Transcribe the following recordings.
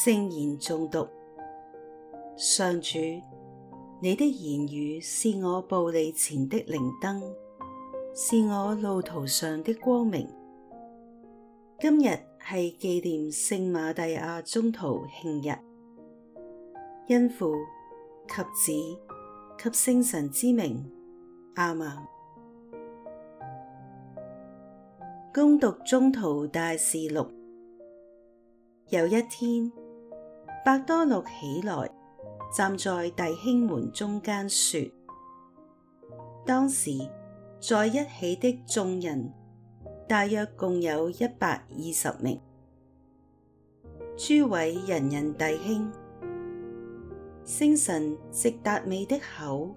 聖言誦讀。上主，你的言語是我步履前的靈燈，是我路途上的光明。今日係紀念聖瑪弟亞宗徒慶日，因父及子及聖神之名，阿們。恭讀宗徒大事錄，有一天。伯多祿起來，站在弟兄們中間說：當時在一起的眾人大約共有一百二十名，諸位仁人弟兄，聖神藉達味的口，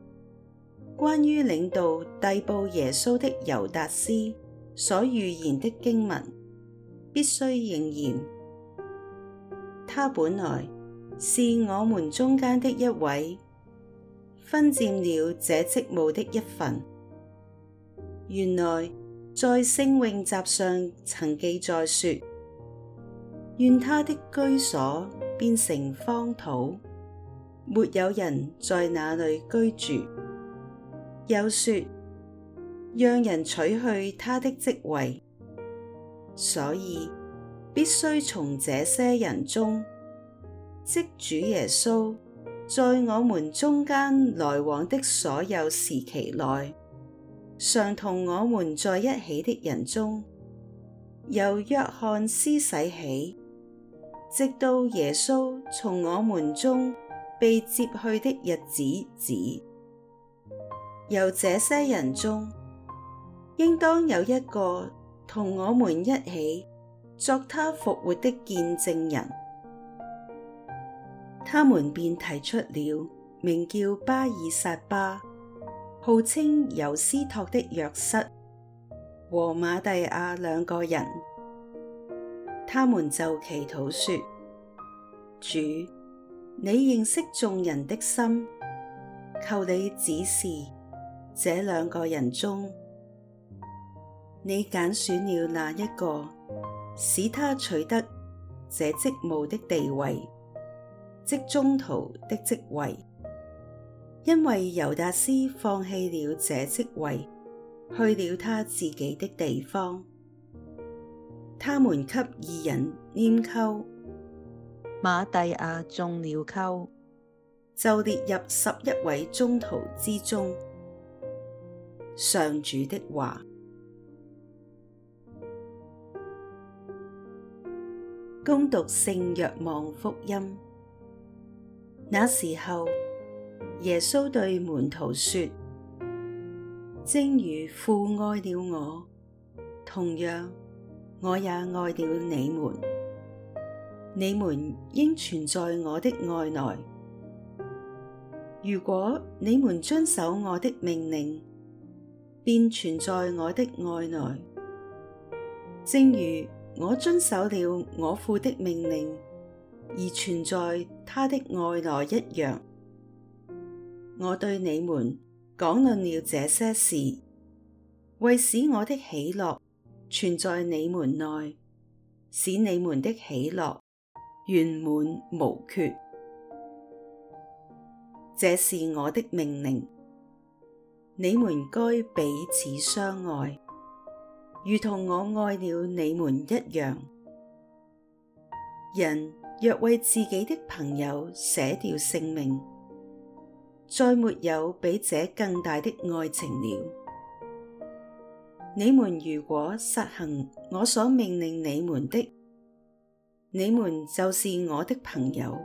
關於領導逮捕耶穌的猶達斯所預言的經文，必須應驗。他本來。是我們中間的一位，分占了這職務的一份。原來在《聖詠集》上曾記載說：願他的居所變成荒土，沒有人在那裏居住。又說：讓人取去他的職位，所以必須從這些人中。即主耶穌在我們中間來往的所有時期內，常同我們在一起的人中，由若翰施洗起，直到耶穌從我們中被接去的日子止，由這些人中，應當有一個同我們一起作他復活的見證人。他們便提出了名叫巴爾撒巴、號稱猶斯托的若瑟和瑪弟亞兩個人。他們就祈禱說：主，你認識眾人的心，求你指示這兩個人中，你揀選了那一個，使他取得這職務的地位。即宗徒的職位，因為猶達斯放棄了這職位，去了他自己的地方。他們給二人拈鬮，瑪弟亞、啊、中了鬮，就列入十一位宗徒之中。上主的話，恭讀聖若望福音。那時候，耶穌對門徒說：「正如父愛了我，同樣我也愛了你們，你們應存在我的愛內。如果你們遵守我的命令，便存在我的愛內。正如我遵守了我父的命令，而存在。他的愛內一樣，我對你們講論了這些事，為使我的喜樂存在你們內，使你們的喜樂圓滿無缺。這是我的命令，你們該彼此相愛，如同我愛了你們一樣。人若為自己的朋友捨掉性命，再沒有比這更大的愛情了。你們如果實行我所命令你們的，你們就是我的朋友。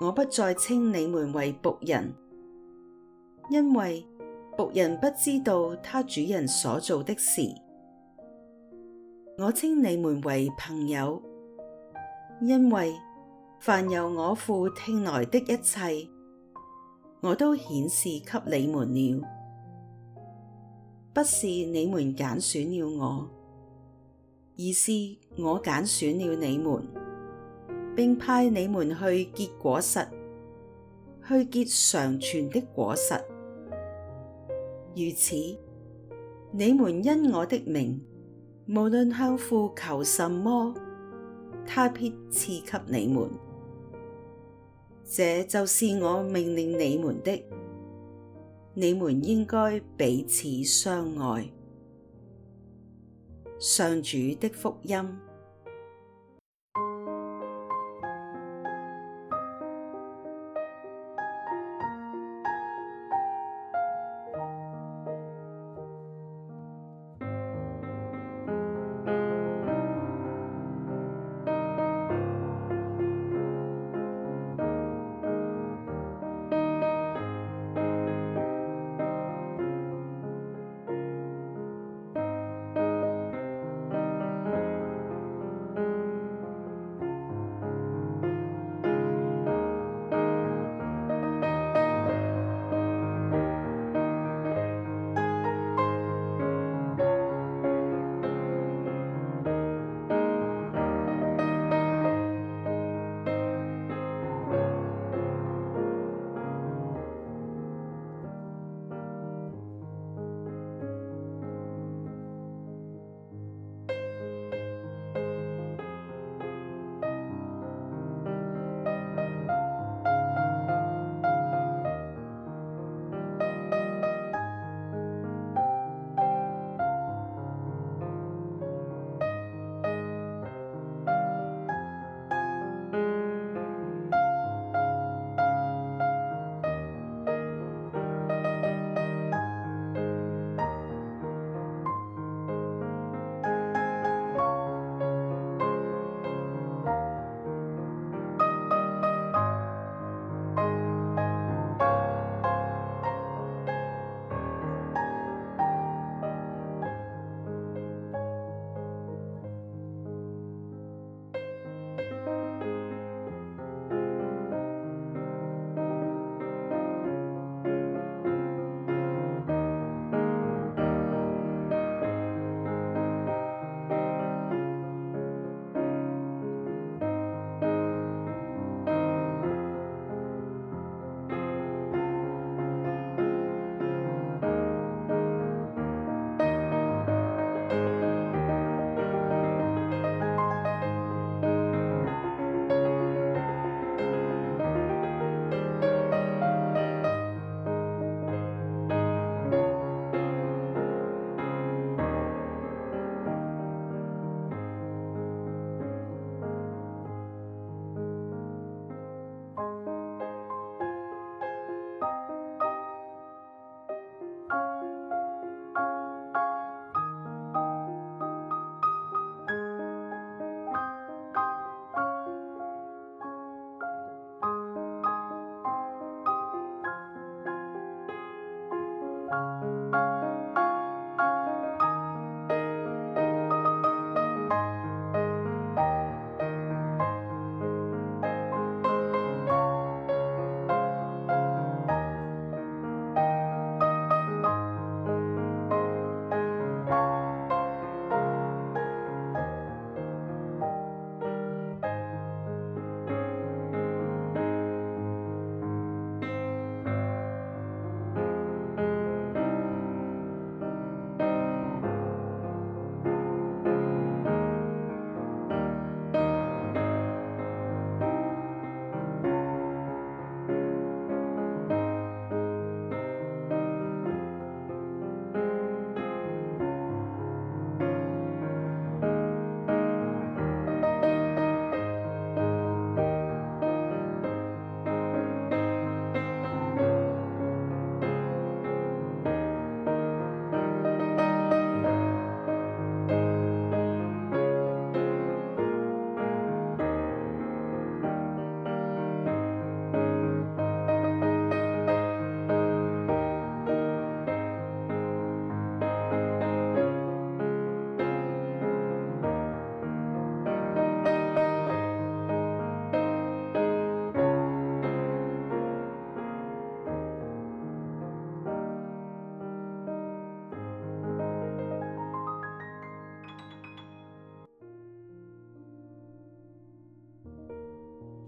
我不再稱你們為僕人，因為僕人不知道他主人所做的事。我稱你們為朋友。因為凡由我父聽來的一切，我都顯示給你們了。不是你們揀選了我，而是我揀選了你們，並派你們去結果實，去結常存的果實。如此，你們因我的名，無論向父求什麼。他必賜給你們，這就是我命令你們的。你們應該彼此相愛。上主的福音。